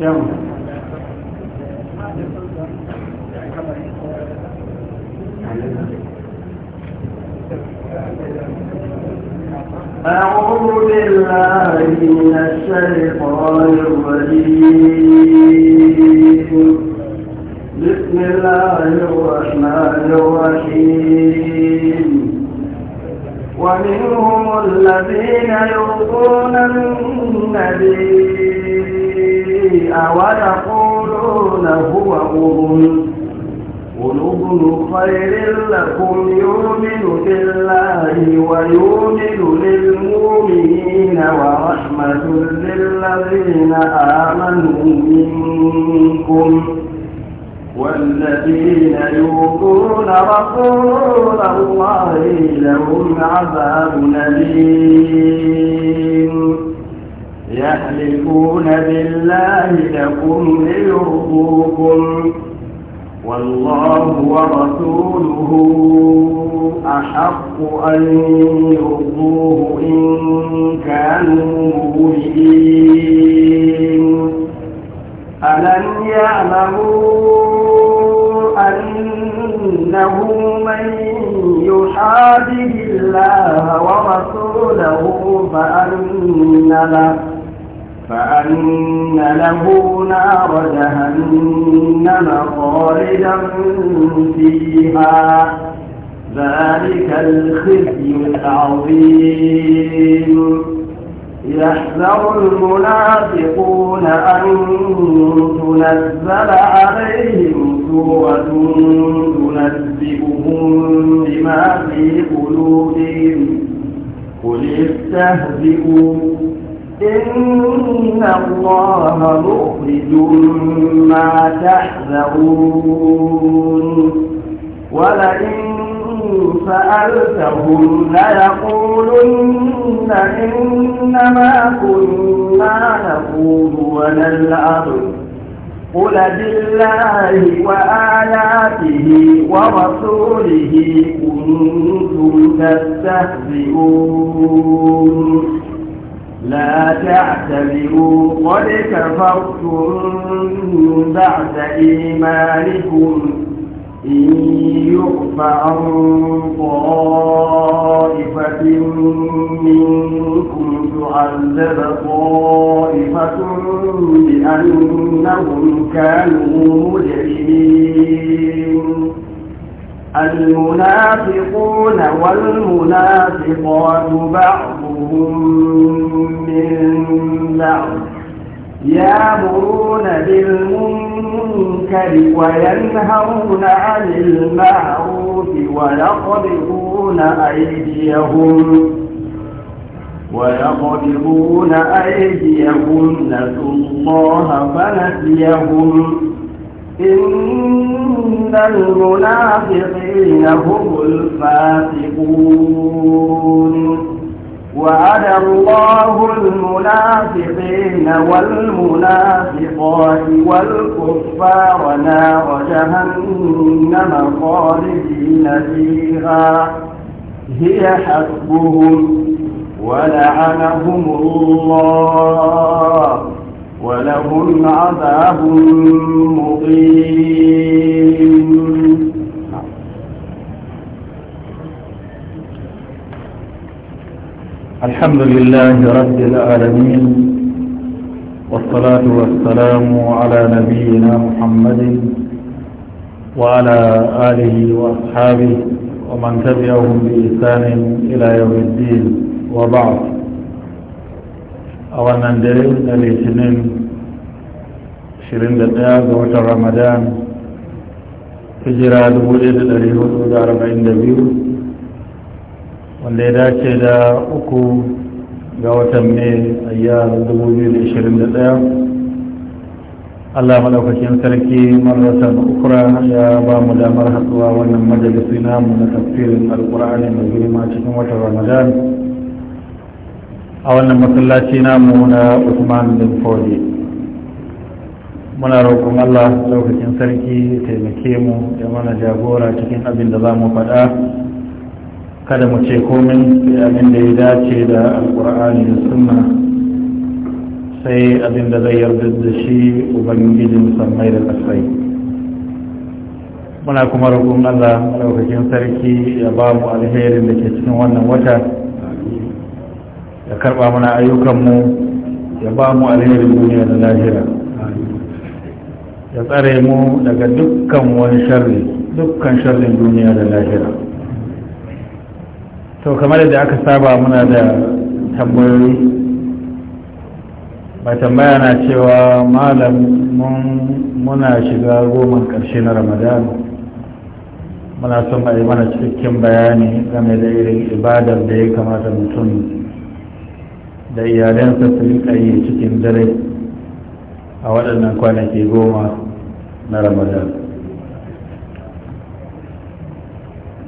يوم أعوذ بالله من الشيطان الرجيم بسم الله الرحمن الرحيم ومنهم الذين يؤتون النبي ويقولون هو أذن قل أذن خير لكم يؤمن بالله ويؤمن للمؤمنين ورحمة للذين آمنوا منكم والذين يؤذون رسول الله لهم عذاب أليم يحلفون بالله لكم ليرضوكم والله ورسوله أحق أن يرضوه إن كانوا مؤمنين ألم يعلموا أنه من يحادي الله ورسوله فأن له فأن له نار جهنم خالدا فيها ذلك الخزي العظيم يحذر المنافقون أن تنزل عليهم سورة تنبئهم بما في قلوبهم قل استهزئوا إن الله مخرج ما تحذرون ولئن سألتهم ليقولن إنما كنا نقول ونلعب قل بالله وآياته ورسوله كنتم تستهزئون لا تعتبروا قد كفرتم بعد إيمانكم إن يغفى عن طائفة منكم تعذب طائفة بأنهم كانوا مجرمين المنافقون والمنافقات بعض بعضهم أمم من بعض يامرون بالمنكر وينهون عن المعروف ويقبضون أيديهم ويقبضون أيديهم نسوا الله فنسيهم إن المنافقين هم الفاسقون وعد الله المنافقين والمنافقات والكفار نار جهنم خالدين فيها هي حسبهم ولعنهم الله ولهم عذاب مقيم الحمد لله رب العالمين والصلاة والسلام على نبينا محمد وعلى آله وأصحابه ومن تبعهم بإحسان إلى يوم الدين وبعض أولا دليل الاثنين شرين دقيقة وقت رمضان عند بيوت wanda ya dace da uku ga watan mai ayyar 2021 Allah maɗaukakin sarki marasa ukura ya ba mu damar haɗuwa wannan majalisi namu na tafsirin alkur'ani mai girma cikin watan ramadan a wannan masallaci namu na usman bin fodi muna roƙon Allah lokacin sarki taimake mu ya mana jagora cikin abin da za mu faɗa kada mu ce komin abin da ya dace da alkur'ani da sunna sai abin da zai yarda da shi ubangijin sammai da kasai muna kuma roƙon allah malaukakin sarki ya ba mu alherin da ke cikin wannan wata ya karɓa mana ayyukanmu ya ba mu alherin duniya da lahira ya tsare mu daga dukkan wani sharri dukkan sharrin duniya da lahira to kamar da aka saba muna da tambayoyi ba tambaya na cewa malam muna shiga goma ƙarshe na ramadan muna son a yi mana cikakken bayani game da irin ibadar da ya kamata mutum da iyalansa su rika cikin dare a waɗannan kwanaki goma na ramadan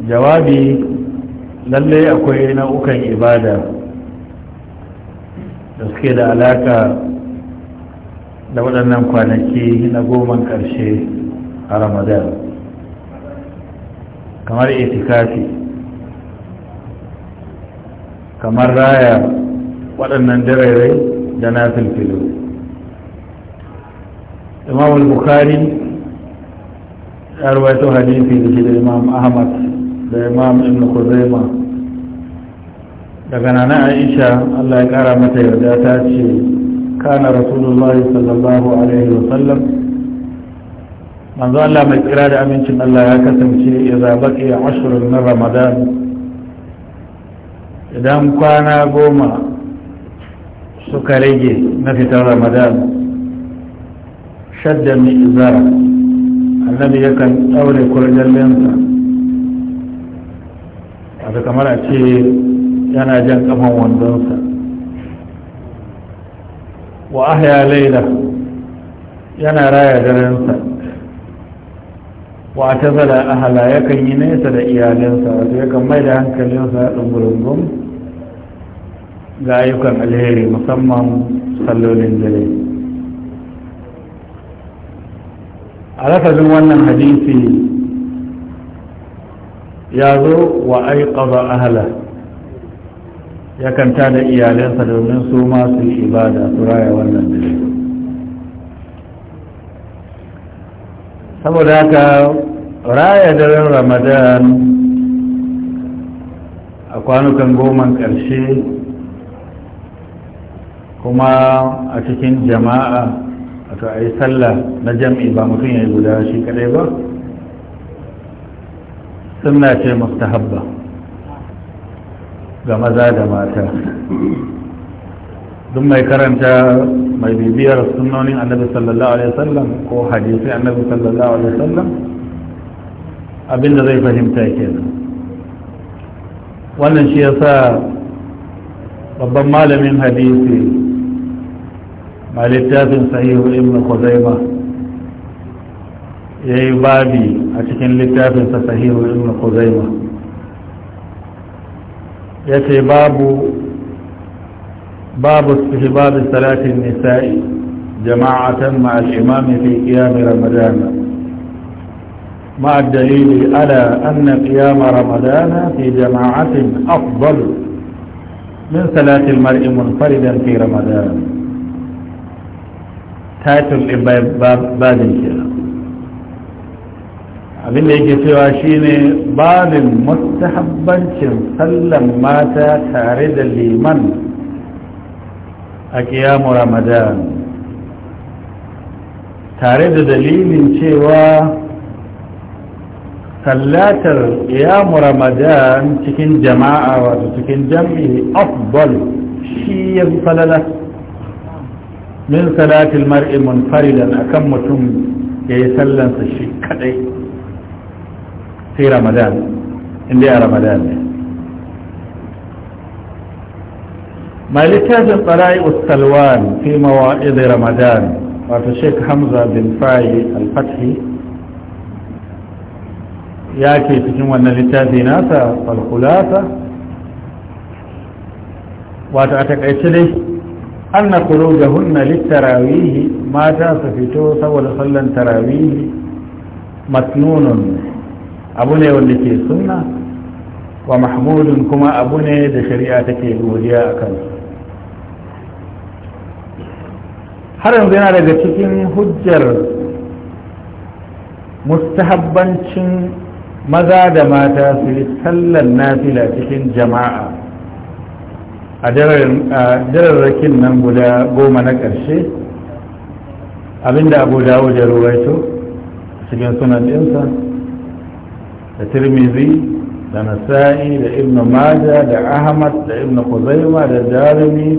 jawabi lallai akwai nau'ukan ibada da suke da alaka da waɗannan kwanaki na goman ƙarshe a ramadan kamar itikafi kamar raya waɗannan dare da na filfilo imam al-bukhari ya rawaito hadisi da shi da imam ahmad da imam ibn khuzaimah daga nana aisha allah ya kara mata yarda ta ce kana rasulullah sallallahu alaihi wasallam manzo allah mai kira da amincin allah ya kasance zabaƙi a ashirin na ramadan idan kwana goma suka rage na fitar ramadan shadda mai izara annabi yakan daure kurjallensa a kamar a ce yana jan kafan wandonsa wa ahya laila yana raya darensa wa ta zala ahala yakan yi nesa da iyalinsa wato yakan mai da hankalinsa ɗungurungun ga ayyukan alheri musamman sallolin dare a lafazin wannan hadisi ya zo wa aiƙaba ahala ya kanta da iyalansa domin su ma ibada su raya wannan dare saboda haka raya daren ramadan a kwanukan goman ƙarshe kuma a cikin jama'a wato a yi sallah na jam'i ba mutum ya yi guda shi kadai ba suna ce mustahabba ga maza da mata duk mai karanta mai bibiyar sunonin annabi sallallahu alaihi wasallam ko hadisi annabi sallallahu alaihi wasallam abinda zai fahimta kenan wannan shi yasa babban malamin hadisi ma littafin sahihu ibn khuzaimah ya yi babi a cikin littafinsa sahihu ibn khuzaimah yace babu babu istihbab salatin nisa'i jama'atan ma'a al-imam fi qiyam ramadan ma'a dalili ala anna qiyam ramadan fi jama'atin afdal min salati al-mar'i munfaridan fi ramadan title ibab badin abin da yake cewa shine babin mustahabbancin sallan mata tare da liman a kiyamu ramadan tare da dalilin cewa sallatar kiyamu ramadan cikin jama'a wato cikin jam'i afdal shi ya fi falala min salatil mar'i munfaridan akan mutum ya yi sallansa shi kadai في رمضان اللي هي رمضان مالكات القرائي والسلوان في موائد رمضان وفي الشيخ حمزة بن فاي الفتحي ياكي في جمع النالكات ناسا والخلافة وتعتق اتلي أن خروجهن للتراويه ما جاس في توسى ولصلا تراويه متنون abu ne wanda ke sunna wa mahmudun kuma abu ne da shari'a take godiya a Kano. har yanzu yana daga cikin hujjar mustahabbancin maza da mata su yi sallar nafila cikin jama'a a jararrakin nan guda goma na ƙarshe abinda abu dawo da ruwaito cikin sunan ɗinsa da tirmizi da nasa'i da ibn maja da ahmad da ibn kuzaima da jarumi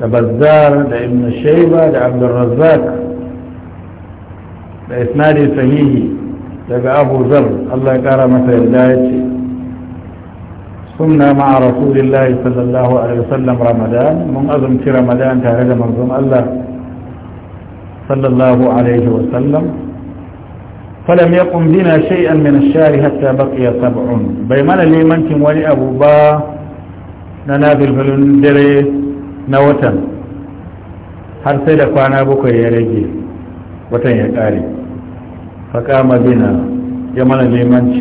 da bazzar da ibn shaiba da abdulrazzak da isnadi sahihi daga abu zar allah ya kara masa yarda ya ce sunna ma'a rasulillahi sallallahu alaihi wasallam ramadan mun azumci ramadan tare da manzon allah sallallahu alaihi wasallam falam ya kumbina shay'an min ash hatta baqiya sab'un bai mana limancin wani abu ba na nafilfilin dare na watan har sai da kwana bakwai ya rage watan ya kare faƙama bina ya mana limanci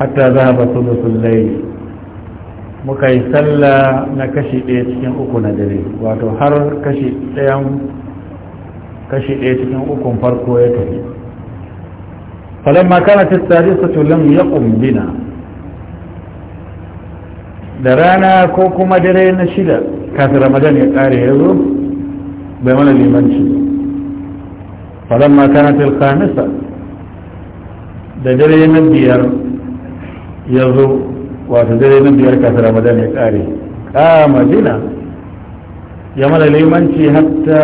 hatta za a basu da sullai muka yi sallah na kashi ɗaya cikin uku na dare wato har kashi ɗaya cikin ukun farko ya tafi فلما كانت السادسة لم يقم بنا درانا كوكو مدرين شدة كانت رمضان يقاري يزو بمن الإيمان شدة فلما كانت الخامسة دجرين الديار يزو وتدرين الديار كانت رمضان يقاري قام بنا يمن الإيمان حتى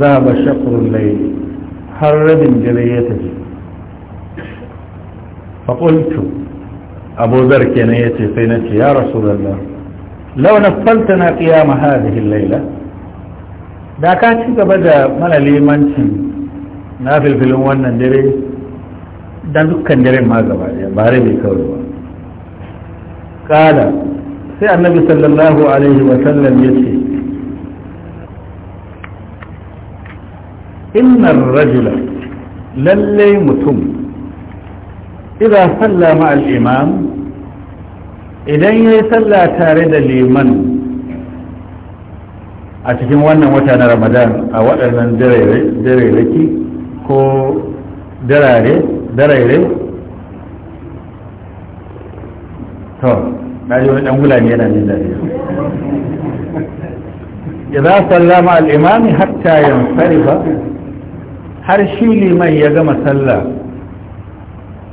ذهب شقر الليل حرد جليتك faƙultu abu zar kenan ya ce sai na ce ya rasu zallar launar falta na ƙiyama hadihin laila da ka ci gaba da mana limancin na filfilin wannan dare da dukkan dare ma gaba ɗaya ba rabe kawai ba ƙada sai annabi sallallahu alaihi wasallam ya ce innar rajula lallai mutum idan salla ma'al idan ya yi salla tare da liman a cikin wannan wata na ramadan a waɗannan dareraki ko darare darare sallama al'imami hatta yin har shi liman ya gama sallah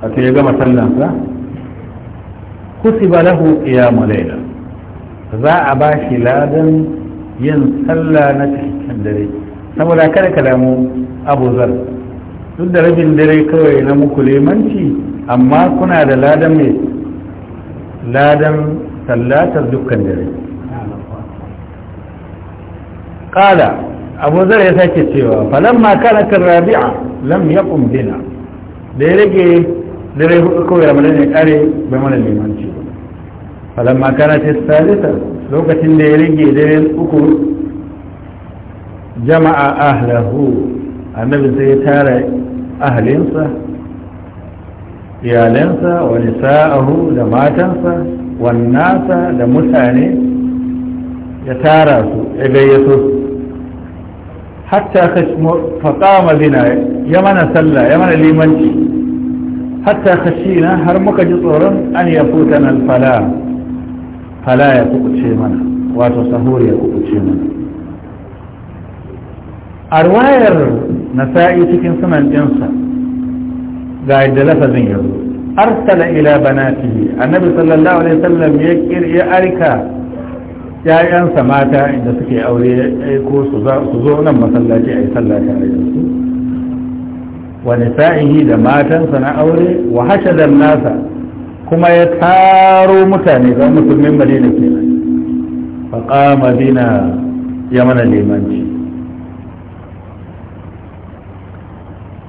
wato ya gama sallansa kusiba lahu qiyam layla za a ba shi ladan yin sallah na cikin dare saboda kada kalamu abu zar duk da rabin dare kawai na muku lemanci amma kuna da ladan mai ladan sallatar dukkan dare kala abu zar ya sake cewa falamma kana rabi'a lam yaqum bina da ya rage dare hudu kawai ramadan ya kare bai mana limanci falan makana ce salisa lokacin da ya rage dare uku jama'a ahlahu annabi sai ya tara ahlinsa iyalansa wa nisa'ahu da matansa wannasa da mutane ya tara su ya gayyato su hatta faƙama bina ya mana sallah ya mana limanci hatta khashina har muka ji tsoron an ya futana alfala fala ya kukuce mana wato sahur ya kukuce mana a ruwayar nasa'i cikin sunan ɗinsa ga yadda lafazin yanzu arsala ila banatihi annabi sallallahu alaihi wasallam ya kirya arika ‘ya'yansa mata inda suke aure ya aiko su zo nan masallaci a yi sallah tare da wa nisa'ihi da matansa na aure wa hashadan nasa kuma ya taro mutane ga musulmin madina kenan fa qama bina ya mana limanci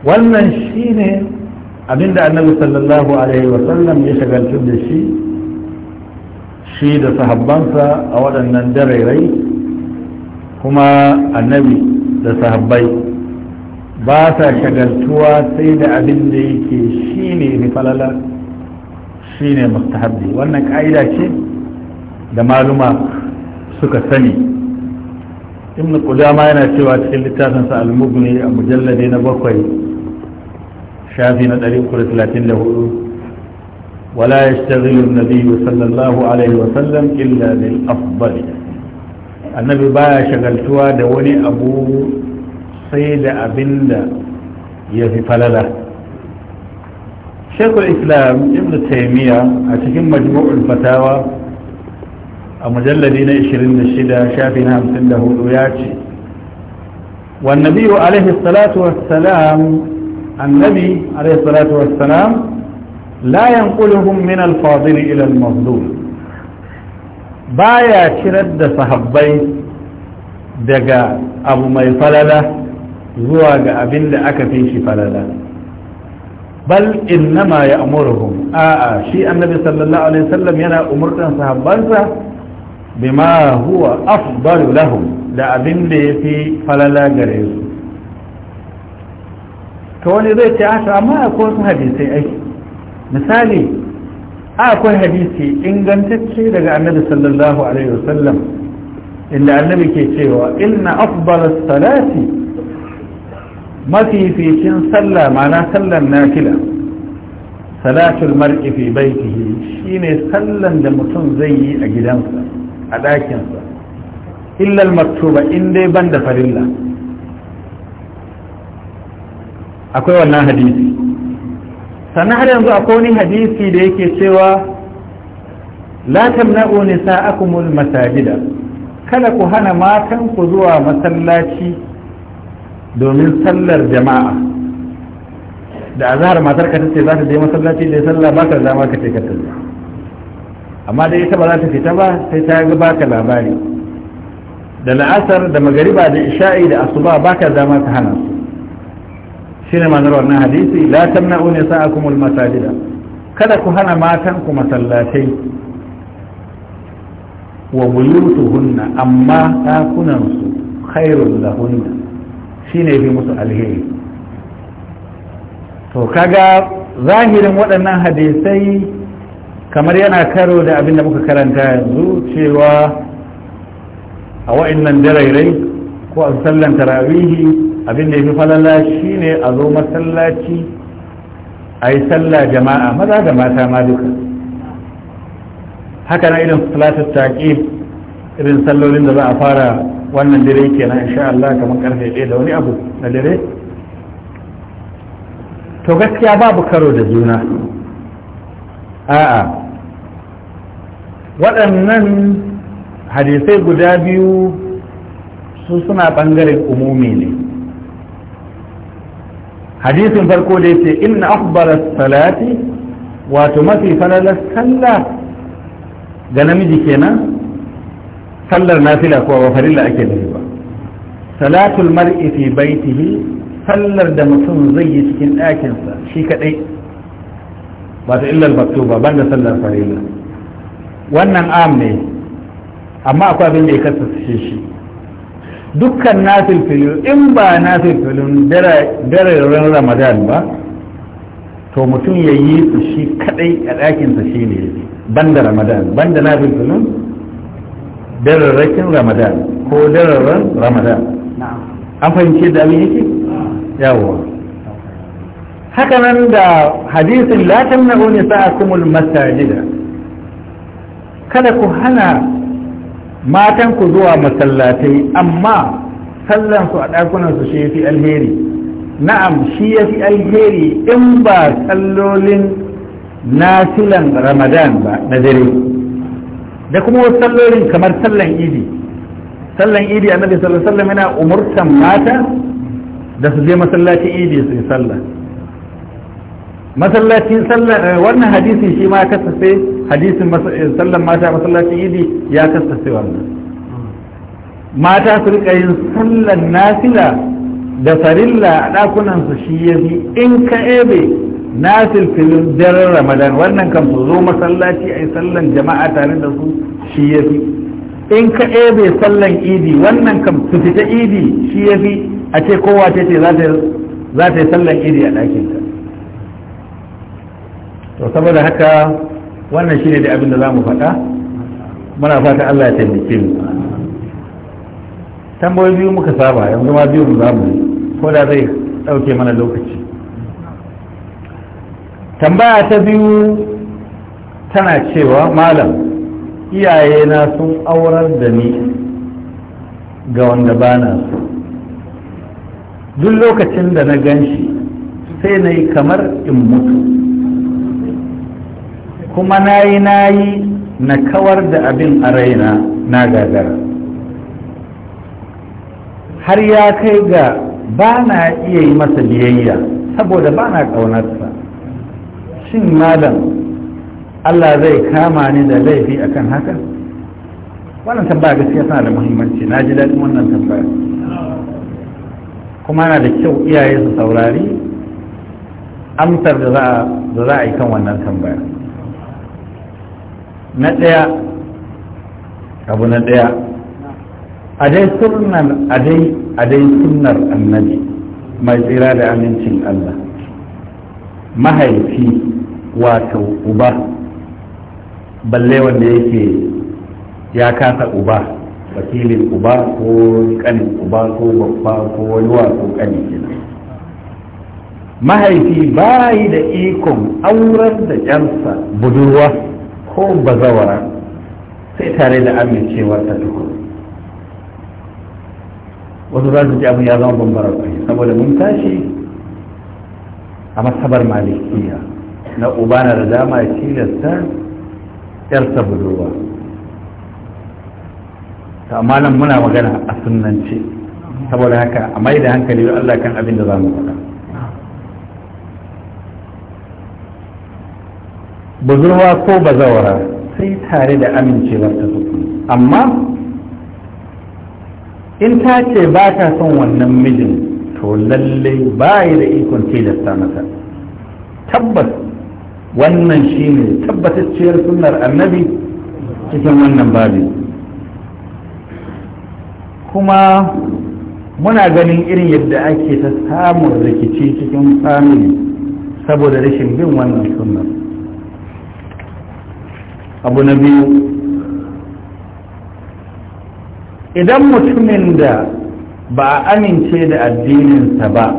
wannan shine abinda annabi sallallahu alaihi wa sallam ya shagaltu da shi shi da sahabbansa a waɗannan darairai kuma annabi da sahabbai ba sa shagaltuwa sai da abin da yake shi ne falala shi ne mustahabbi wannan ka'ida ce da maluma suka sani ibn qudama yana cewa cikin littafin sa al-mughni a mujallade na bakwai shafi na 334 wala yashtaghilu an-nabiy sallallahu alaihi wa sallam illa bil afdal annabi baya shagaltuwa da wani abu sai da abinda ya fi falala shekul islam ibn taymiya a cikin majmu'ul fatawa a mujalladi na 26 shafi na 54 ya ce wannabi wa alaihi salatu wa salam annabi alaihi salatu wa salam la yanquluhum min al-fadil ila al-mazlum baya kirar da sahabbai daga abu mai falala zuwa ga abin da aka fi shi falala bal innama ya amuruhum a'a shi annabi sallallahu alaihi wasallam yana umurtan sahabbansa bima huwa afdalu lahum da abin da yafi falala gare su to wani zai ce a amma akwai wasu hadisai ai misali akwai hadisi ingantacce daga annabi sallallahu alaihi wasallam inda annabi ke cewa inna afdalus salati mafificin sallah mana sallan nafila salatul mar'i fi baitihi shine sallan da mutum zai yi a gidansa a ɗakinsa illal maktuba in dai ban da farilla akwai wannan hadisi sannan har yanzu akwai wani hadisi da yake cewa la tamna'u nisa'akumul masajida kada ku hana matan ku zuwa masallaci domin sallar jama'a da azhar matar ka tace za ta je masallaci da sallah ba ka dama ka ka amma da ita ba za ta fita ba sai ta ga baka labari da la'asar da magariba da isha'i da asuba ba ka dama ka hana su ne manar wannan hadisi la tamna'u nisa'akum al-masajida kada ku hana matan ku masallatai wa buyutuhunna amma dakunan su khairul lahunna shine bi musu alheri to kaga zahirin waɗannan hadisai kamar yana karo da abin da muka karanta yanzu cewa a wa'annan darairai ko a sallan tarawihi abin da ya fi falala shine a zo masallaci a yi sallah jama'a maza da mata ma duka haka na irin salatar taƙi irin sallolin da za a fara wannan dare kenan insha Allah kamar karfe ɗaya da wani abu na dare to gaskiya babu karo da juna a'a waɗannan hadisai guda biyu su suna ɓangaren umumi ne hadisin farko da ce inna akhbara salati wato mafi falalar sallah ga namiji kenan sallar nafila kuwa ba farilla ake nufi ba salatul mar'i fi baitihi sallar da mutum zai yi cikin ɗakinsa shi kaɗai ba ta illar maktuba banda sallar farilla wannan am ne amma akwai abin da ya kasance shi dukkan nafil filin in ba nafil filin dararen ramadan ba to mutum ya yi su shi kadai a ɗakinsa shi ne banda ramadan banda nafil filin dararrakin ramadan ko dararren ramadan an fahimci da abin yake yawo haka nan da hadisin la tamna'u nisa'akumul masajida kada ku hana matan ku zuwa masallatai amma sallan su a ɗakunan su shi fi alheri na'am shi yafi alheri in ba sallolin nasilan ramadan ba na dare da kuma wasu sallolin kamar sallan idi sallan idi nabi sallallahu alaihi wasallam yana umurtan mata da su je masallacin idi su yi sallah masallacin sallah eh, wannan hadisin shi ma kasance hadisin eh, sallan mata masallacin idi ya kasance wannan mata su rika yin sallan nafila da farilla a dakunan su shi yafi in ka ebe na filfilin daren ramadan wannan kan su zo masallaci a yi sallan jama'a tare da su shi ya fi in ka ebe sallan idi wannan kan su fita idi shi ya fi a ce kowa ce ce za ta yi sallan idi a ɗakinta to saboda haka wannan shi ne da abin da za mu faɗa muna fata allah ya taimake mu tambayoyi biyu muka saba yanzu ma biyu mu za mu ko da zai ɗauke mana lokaci tambaya ta biyu tana cewa malam iyaye na sun aurar da ni ga wanda bana na so duk lokacin da na gan shi sai na yi kamar in mutu kuma na yi na yi na kawar da abin a raina na gagara har ya kai ga bana iya yi masa biyayya saboda bana na ƙaunarsa shin malam Allah zai kama ni da laifi a kan haka wannan tambaya gaskiya tana da muhimmanci na ji daɗin wannan tambaya kuma na da kyau iyaye su saurari amsar da za a yi kan wannan tambaya na ɗaya abu na ɗaya a dai sunnar a dai sunnar annabi mai tsira da amincin Allah mahaifi wato uba balle wanda yake ya kasa uba wakilin uba ko kanin uba ko babba ko wani wato kani kenan mahaifi bayi da ikon aurar da ƴarsa budurwa ko bazawara sai tare da amincewar ta tukuru wasu za su ji abu ya zama bambara saboda mun tashi a masabar malikiya na uba na da dama ya tilasta yarsa budurwa amma nan muna magana a sunance saboda haka a mai da hankali wa Allah kan abin da za mu faɗa budurwa ko bazawara sai tare da amincewar ta tukun amma in ta ce ba ta son wannan mijin to lallai ba da ikon tilasta mata tabbas wannan shi ne tabbatacciyar sunnar annabi cikin wannan babi kuma muna ganin irin yadda ake ta samun rikici cikin famili saboda rashin bin wannan sunnar abu na biyu idan mutumin da ba a amince da addininsa ba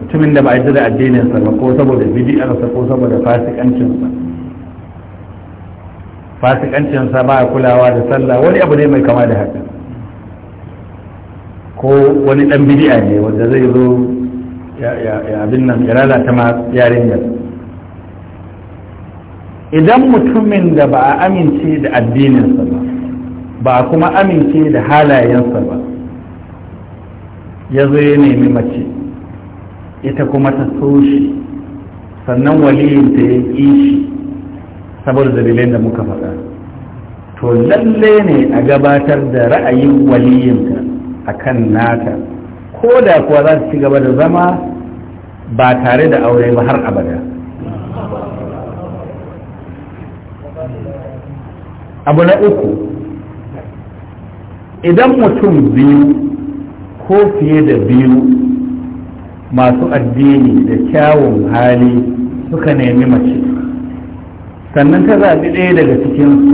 mutumin da ba a da addinin sa ba ko saboda bid'arsa ko saboda fasikancin sa fasikancin sa ba kulawa da sallah wani abu ne mai kama da haka ko wani dan bid'a ne wanda zai zo ya abin nan ya lalata ma yarinyar idan mutumin da ba a amince da addininsa ba ba kuma amince da halayensa ba ya zo ya nemi mace ita kuma ta so shi sannan waliyinta ya ƙi shi saboda dalilin da muka faɗa to lalle ne a gabatar da ra'ayin waliyinta a kan nata ko da kuwa za su ci gaba da zama ba tare da aure ba har abada abu na uku idan mutum biyu ko fiye da biyu masu addini da kyawun hali suka nemi mace sannan ta zaɓi ɗaya daga cikinsu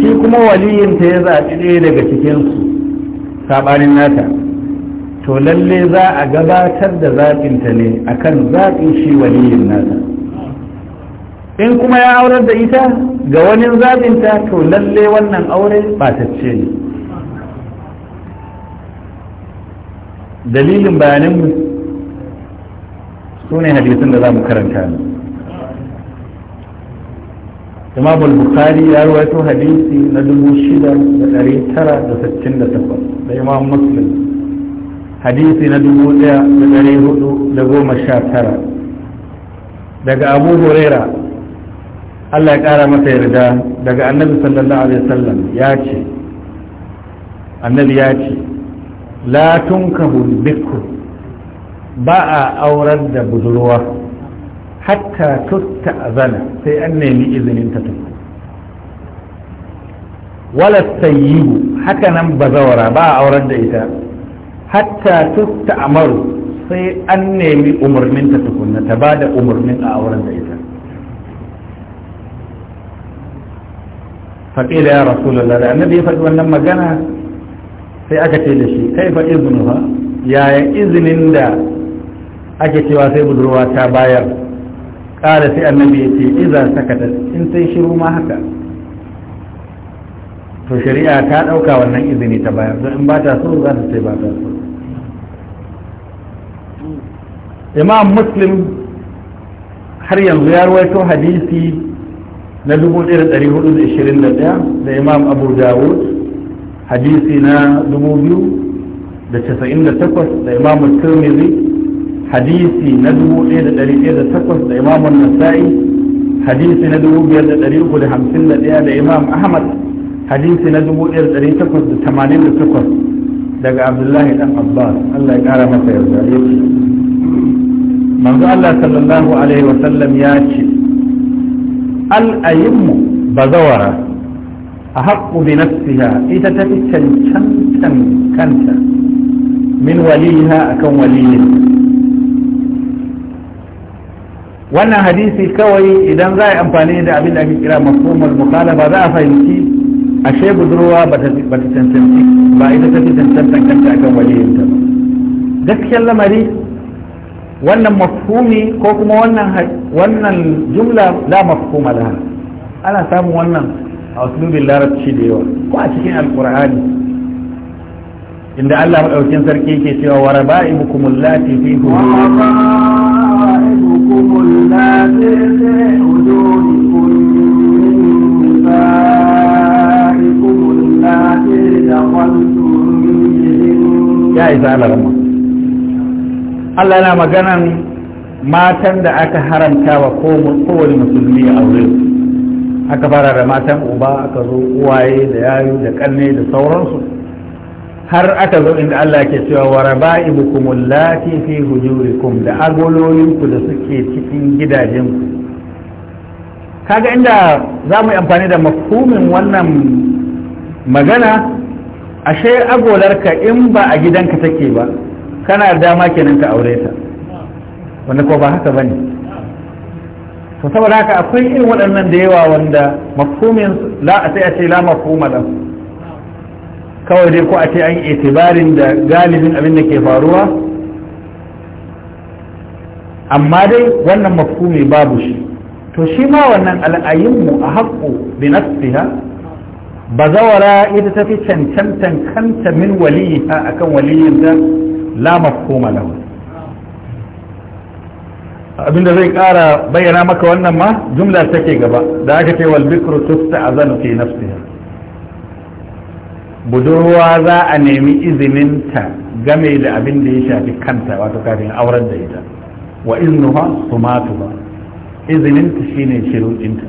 shi kuma waliyinta ya zaɓi ɗaya daga cikinsu saɓanin nata to lalle za a gabatar da zaɓinta ne a akan zaɓin shi waliyin nata in kuma ya aurar da ita ga wani zaɓinta to lalle wannan aure ɓatacce ne dalilin bayaninmu mu sune hadisin da za mu karanta ne imam al-bukhari ya rawaito hadisi na 6968 da imam muslim hadisi na 1419 daga abu huraira Allah ya kara masa yarda daga annabi sallallahu alaihi wasallam ya ce annabi ya ce la tunkahu bikru ba a aurar da budurwa hatta tutta azana sai an nemi izinin ta tuku wala sayyibu haka nan bazawara ba a aurar da ita hatta tutta amaru sai an nemi umarnin ta tukunna ta ba da umarnin a auren da ita faƙila ya rasulullah da annabi ya faɗi wannan magana sai aka ce da shi kai fa izinuha yaya izinin da ake cewa sai budurwa ta bayar kala sai annabi ya ce iza sakata in sai shiru ma haka to shari'a ta ɗauka wannan izini ta bayar don in ba ta so za ta ce ba ta so imam muslim har yanzu ya rawaito hadisi na 1421 da imam abu dawud hadisi na 2098 da imamun turmizi. hadisi na 1108 da imamun nasa'i hadisi na 5351 da imam ahmad hadisi na 1888 daga abdullahi dan abbas allah ya kara masa yarda ya ce manzo allah sallallahu alaihi wasallam ya ce al'ayinmu bazawara أحق بنفسها إذا تفكر كم كم كنت من وليها أكون وليها وأن حديث الكوي إذا نرى أمباني إذا أبي الله إلى مفهوم المخالفة ذا فإنكي أشيء بدروا بتتنسمتي بإذا تتنسمتا كنت أكون وليها ذلك الله مريد وأن مفهومي كوكما وأن جملة لا مفهوم لها أنا سامو وأن a uslubin larabci da yawa ko a cikin alkur'ani inda Allah madaukakin sarki ke cewa wa raba'ibukum allati fi ya isa alarma Allah yana maganan matan da aka haramta wa kowane musulmi a wurin aka fara da matan uba aka zo uwaye da yayu da kanne da sauransu har aka zo inda Allah ke cewa wa raba'ibukum allati fi hujurikum da agololinku da suke cikin gidajenku kaga inda za mu yi amfani da mafhumin wannan magana ashe agolarka in ba a gidanka take ba kana dama kenan ka aure ta wanda ko ba haka bane to saboda haka akwai irin waɗannan da yawa wanda mafhumin la a sai a ce la mafhuma da kawai dai ko a ce an itibarin da galibin abin da ke faruwa amma dai wannan mafhumi babu shi to shi ma wannan al'ayinmu a haƙƙo bi nafsiha ba zawara ita ta fi cancantan kanta min waliyiha akan da la mafhuma lahu abinda zai kara bayyana maka wannan ma jumla take gaba da aka ce wal bikru tusta'zanu fi nafsiha budurwa za a nemi izininta game da abin da ya shafi kanta wato kafin auren da ita wa iznuha sumatuha izininta shine shiruɗinta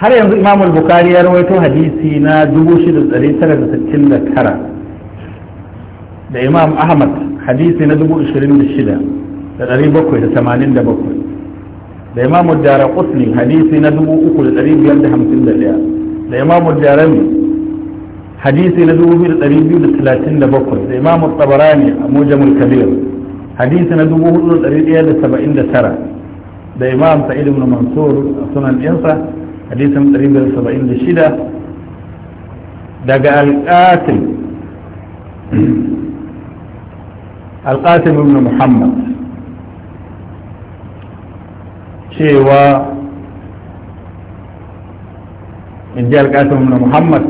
har yanzu imamul bukari ya rawaito hadisi na 6969 da imam ahmad hadisi na 26,787 da imam dara kusni hadisi na 3,551 da imam darami hadisi na 2,237 da imam tabarani a mujamul kabir hadisi na 4,179 da imam sa'id ibn mansur a sunan ɗinsa hadisin 176 daga alƙatil alƙasim ibn muhammad cewa in ji alƙasim ibn muhammad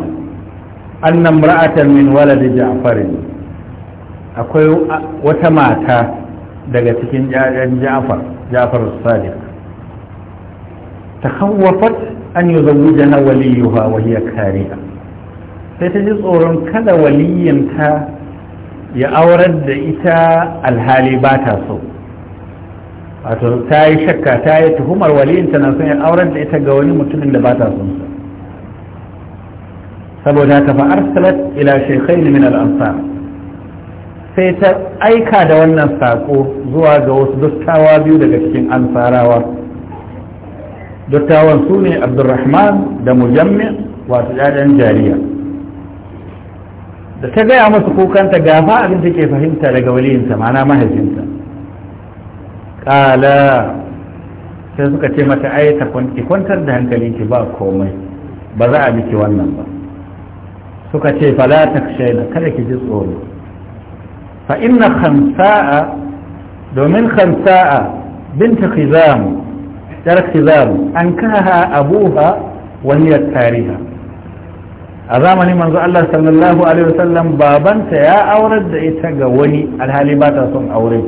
annan ra'atan min waladi ja'farin akwai wata mata daga cikin ƴaƴan ja'far ta sadiq takhawwafat an yuzawwijaha waliyu wa hiya kariha sai ta ji tsoron kada waliyinta ya aurar da ita alhali ba ta so wato ta yi shakka ta yi tuhumar waliyin tana son ya aurar da ita ga wani mutumin da ba ta son sa saboda haka fa ila shaykhain min al sai ta aika da wannan sako zuwa ga wasu dottawa biyu daga cikin ansarawa dattawan su ne abdurrahman da mujammi wato 'ya'yan jariya da ta gaya masa kukanta gafa abin da ke fahimta daga waliyinta mana mahaifinta kala sai suka ce mata ai ta kwantar da hankali ki ba komai ba za a miki wannan ba suka ce fala ta kada ki ji tsoro fa inna khamsa'a domin khamsa'a binta khizam yar khizam an kaha abuha wani tariha a zamanin manzo Allah sallallahu alaihi wasallam babanta ya aurar da ita ga wani alhali ba ta son aure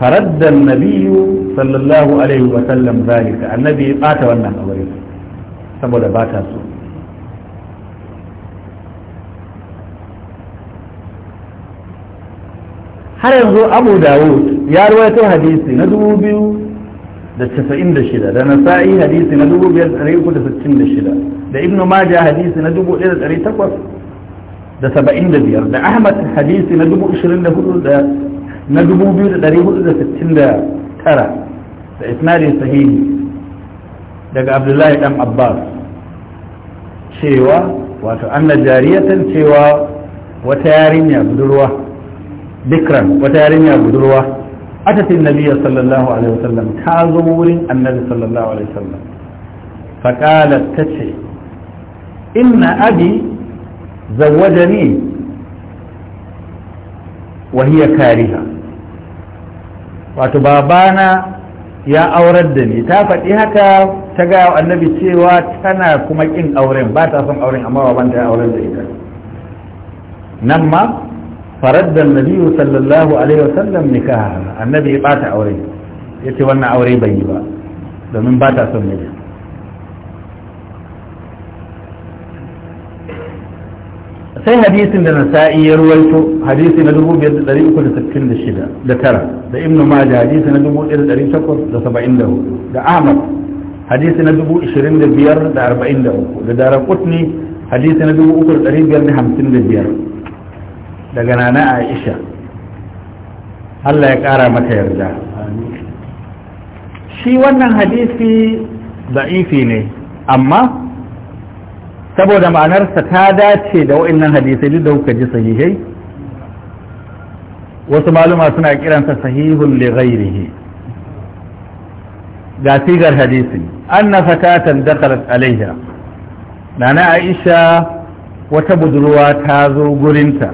faradda nabiyu sallallahu alaihi wasallam zalika annabi ya bata wannan aure saboda ba ta so har yanzu abu dawud ya ruwaito hadisi na dubu biyu da casa'in da shida da nasa'i hadisi na dubu 5366 da sittin da da shida ibnu maja hadisi na dubu ɗaya da takwas da saba'in da da biyar ahmad hadisi na dubu ishirin da da na dubu 2469 da isnadin sahihi daga abdullahi dan abbas cewa wato anna jariyatan cewa wata yarinya budurwa bikran wata yarinya budurwa أتت النبي صلى الله عليه وسلم كاظمور النبي صلى الله عليه وسلم فقالت تتي إن أبي زوجني وهي كارهة wato babana ya aurar da ni ta faɗi haka ta ga annabi cewa tana kuma ƙin auren ba ta son auren amma babanta ya aurar da ita nan ma فرد النبي صلى الله عليه وسلم نكاحها النبي باتا عوري يتي وانا اوري بيبا دمين باتا سنجي سي حديث من النسائي يرويته حديث ندبو بيد الدريء كل سكين للشدة لترى دا ابن ماجه حديث ندبو إلى الدريء شكر دا سبعين له دا أعمق حديث ندبو إشرين للبيار دا أربعين له دا دار قطني حديث ندبو أكل الدريء بيرني حمسين للبيار daga nana aisha Allah ya ƙara mata yarda shi wannan hadisi da'ifi ne amma saboda ma'anarsa ta dace da wa'annan hadisai duk da kuka ji sahihai wasu maluma suna kiransa sahihun li ghairihi ga sigar hadisi anna fatatan dakhalat alaiha nana aisha wata budurwa ta zo gurinta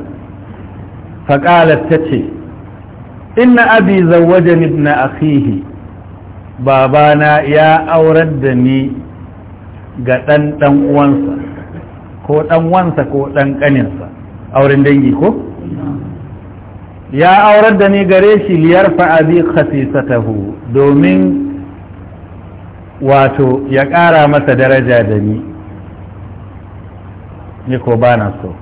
faƙalar ta ce inna abi zawajen ibn akhihi babana ya aurar da ni ga ɗan ɗan uwansa ko ɗan wansa ko ɗan ƙaninsa auren dangi ko ya aurar da ni gare shi liyar fa'abi khasisatahu domin wato ya ƙara masa daraja da ni ni ko ba na so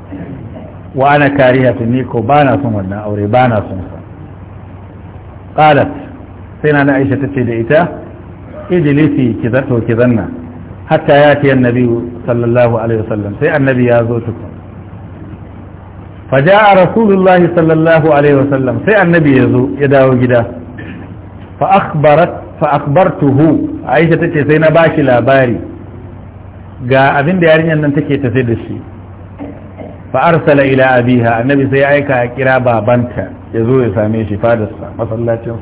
wa ana kariya ta ni ko ba na son wannan aure ba na son sa qalat sai na na aisha tace da ita ijlisi ki zato ki zanna hatta ya ti annabi sallallahu alaihi wasallam sai annabi ya zo tuku faja'a rasulullahi sallallahu alaihi wasallam sai annabi ya zo ya dawo gida fa akhbarat fa akhbartuhu aisha tace sai na bashi labari ga abin da yarinyar nan take tafe da shi fa arsala ila abiha annabi sai ya aika ya kira babanta ya zo ya same shi fadarsa masallacin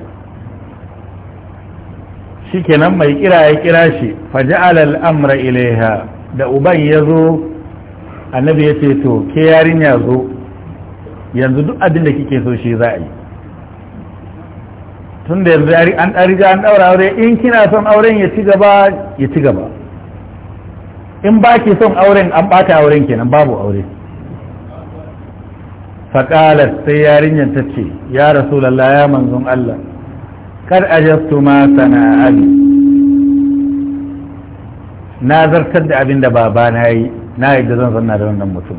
kenan mai kira ya kira shi fa ja'ala al-amra ilaiha da uban ya zo annabi ya ce to ke yarinya zo yanzu duk abin da kike so shi za a yi tun da yanzu an ɗariga an ɗaura aure in kina son auren ya ci gaba ya ci gaba in ba ki son auren an ɓata auren kenan babu aure faƙalar sai yarinyar ta ce ya rasulallah ya manzon Allah kar ajastu ma sana'ani na zartar da abin da baba na yi na yadda zan zanna da wannan mutum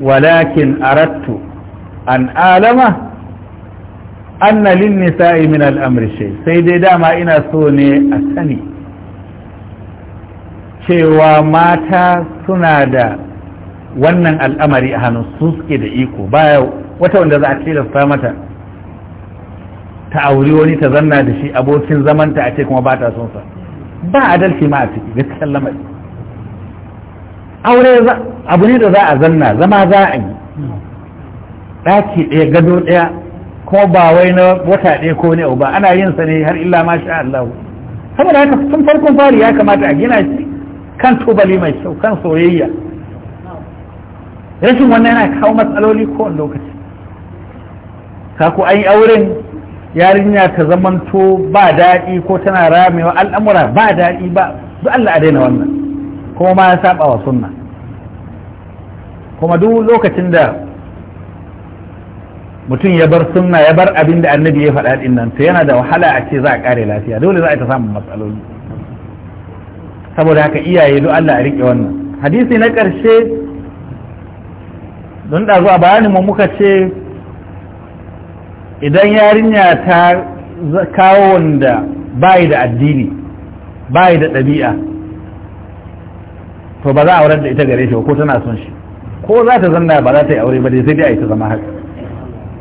walakin arattu an alama nisa lin nisa'i min al'amri sai dai dama ina so ne a sani cewa mata suna da wannan al'amari a hannun su suke da iko baya wata wanda za a tilasta mata ta auri wani ta zanna da shi abokin zamanta a ce kuma ba ta sunsa sa ba adalci ma a ciki cikin lamari aure abu ne da za a zanna zama za a yi ɗaki ɗaya gado ɗaya kuma ba wai na wata ɗaya ko ne ba ana yin sa ne har illa ma sha Allah saboda haka tun farkon fari ya kamata a gina shi kan tubali mai kyau kan soyayya rashin wannan yana kawo matsaloli kowane lokaci kaku an yi auren yarinya ta zamanto ba daɗi ko tana ramewa al'amura ba daɗi ba duk Allah a daina wannan kuma ma ya saba wa sunna kuma duk lokacin da mutum ya bar sunna ya bar abin da annabi ya faɗa ɗin nan to yana da wahala a ce za a ƙare lafiya dole za a ta samun matsaloli saboda haka iyaye du Allah a rike wannan hadisi na karshe don da a bayanin mu muka ce idan yarinya ta kawo wanda bayi da addini bayi da ɗabi'a to ba za a da ita gare shi ko tana son shi ko za ta zanna ba za ta yi aure ba dai sai dai a yi ta zama haka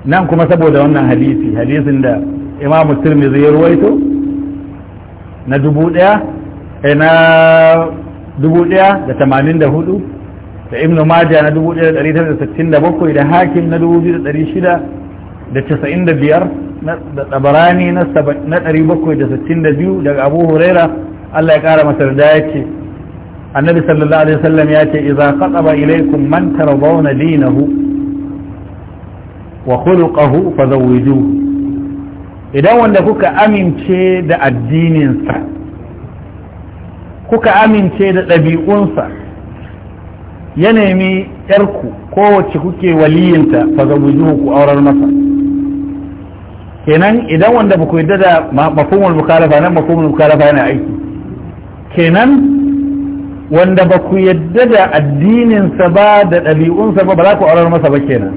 nan kuma saboda wannan hadisi hadisin da imamu tirmidhi ya ruwaito na dubu ɗaya Eh, na 1084 da ibn majah na 1967 da hakim na 2695 da tabarani na 762 daga abu huraira Allah ya kara masar, da ya ce annabi sallallahu alaihi wasallam ya ce idza qataba ilaykum man tarawna dinahu wa khuluquhu fazawwijuhu idan wanda kuka amince da addininsa kuka amince da ɗabi'unsa ya nemi ‘yarku kowace kuke waliyinta fa zabujuhu ku aurar masa kenan idan wanda ba ku yadda da mafhumul mukhalafa nan mafhumul mukhalafa yana aiki kenan wanda ba ku yadda da addininsa ba da ɗabi'unsa ba ba za ku aurar masa ba kenan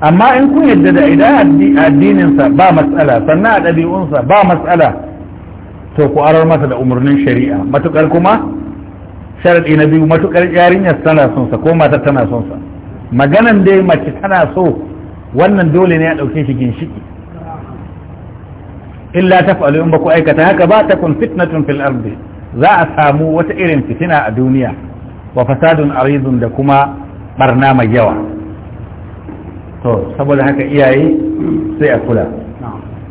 amma in kun yadda da idan addininsa ba matsala sannan a ɗabi'unsa ba matsala to ku arar masa da umarnin shari'a matukar kuma sharadi na biyu matukar yarinyar tana son sa ko mata tana son sa maganan dai mace tana so wannan dole ne a dauke shi ginshiki illa taf'alu in ba ku aikata haka ba takun fitnatun fil ardi za a samu wata irin fitina a duniya wa fasadun aridun da kuma barna mai yawa to saboda haka iyaye sai a kula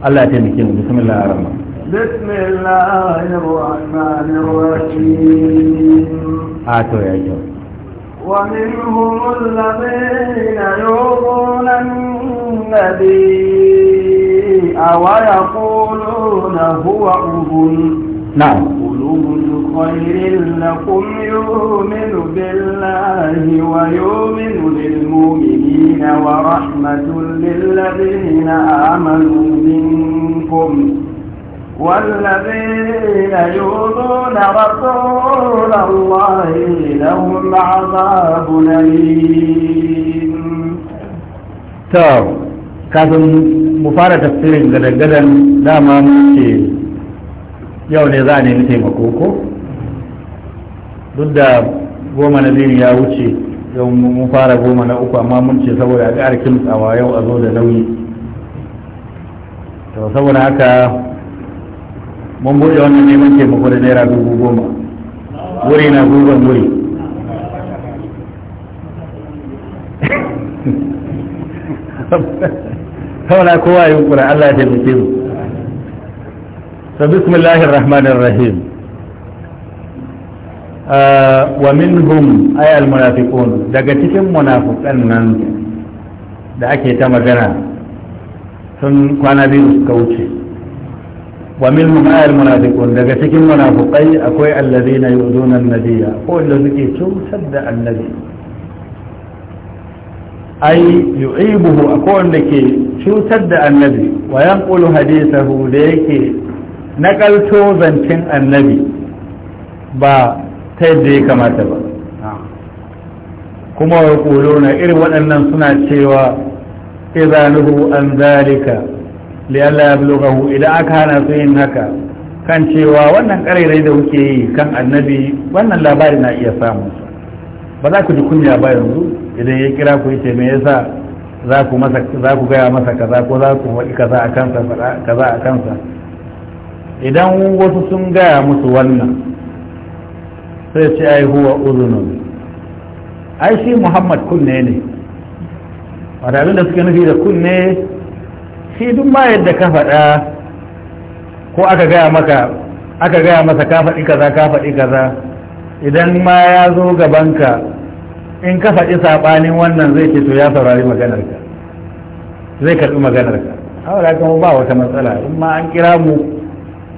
Allah ya taimake mu bismillahir rahmanir بسم الله الرحمن الرحيم آتوا يا جو ومنهم الذين يوضون النبي ويقولون هو أذن نعم قلوب خير لكم يؤمن بالله ويؤمن للمؤمنين ورحمة للذين آمنوا منكم والذين يؤذون رسول الله لهم عذاب أليم to kafin mu fara tafsirin gadan-gadan dama ce yau ne za a nemi taimako ko duk da goma na biyu ya wuce yau mun fara goma na uku amma mun ce saboda a ga arkin tsawa yau a zo da nauyi to saboda haka mun buɗe wannan neman taimako da naira dubu goma wuri na gugan wuri kawana kowa yi kura Allah ya taimake mu so bismillahir rahmanir rahim uh, wa minhum ay al munafiqun daga cikin munafiqan nan da ake ta magana sun kwana biyu suka wuce wa min mu'ayil munafiqun daga cikin munafiqai akwai allazina yu'zuna an-nabiyya ko da suke cutar da annabi ai yu'ibuhu akwai wanda ke cutar da annabi wa yanqulu hadithahu da yake nakalto zancen annabi ba ta yadda ya kamata ba kuma wa na irin waɗannan suna cewa izanuhu an zalika liyalla ya bulughahu idan aka hana su yin haka kan cewa wannan karairai da kuke yi kan annabi wannan labari na iya samu ba za ku ji kunya ba yanzu idan ya kira ku yace me yasa za ku masa za ku gaya masa kaza ko za ku faɗi kaza a kansa kaza a kansa idan wasu sun gaya musu wannan sai ce ai huwa uzunun ai shi muhammad kunne ne wata abin da suke nufi da kunne shi duk ma yadda ka faɗa ko aka gaya maka aka gaya masa ka faɗi kaza ka faɗi kaza idan ma ya zo gabanka in ka faɗi saɓanin wannan zai ce to ya saurari maganarka zai karɓi maganarka haura kuma ba wata matsala in ma an kira mu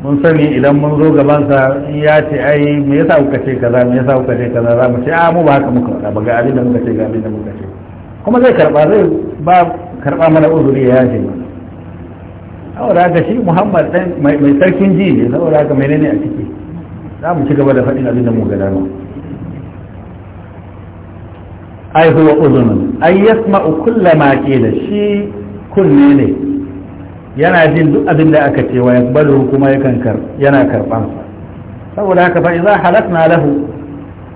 mun sani idan mun zo gabansa in ya ce ai me yasa kuka ce kaza me yasa kuka ce kaza za mu ce a ah, mu ba haka muka faɗa ba ga abin da muka ce ga abin da muka ce kuma zai karɓa zai ba karɓa mana uzuri ya yaje. ba saboda haka shi muhammad ɗan mai sarkin ji ne saboda haka mai ne a ciki za mu ci gaba da faɗin abin da mu gada dama. ai huwa uzunun ai yasma'u kulla ma da shi kunne ne yana jin duk abin da aka ce wa yakbalu kuma yakan kar yana karban saboda haka fa idza halakna lahu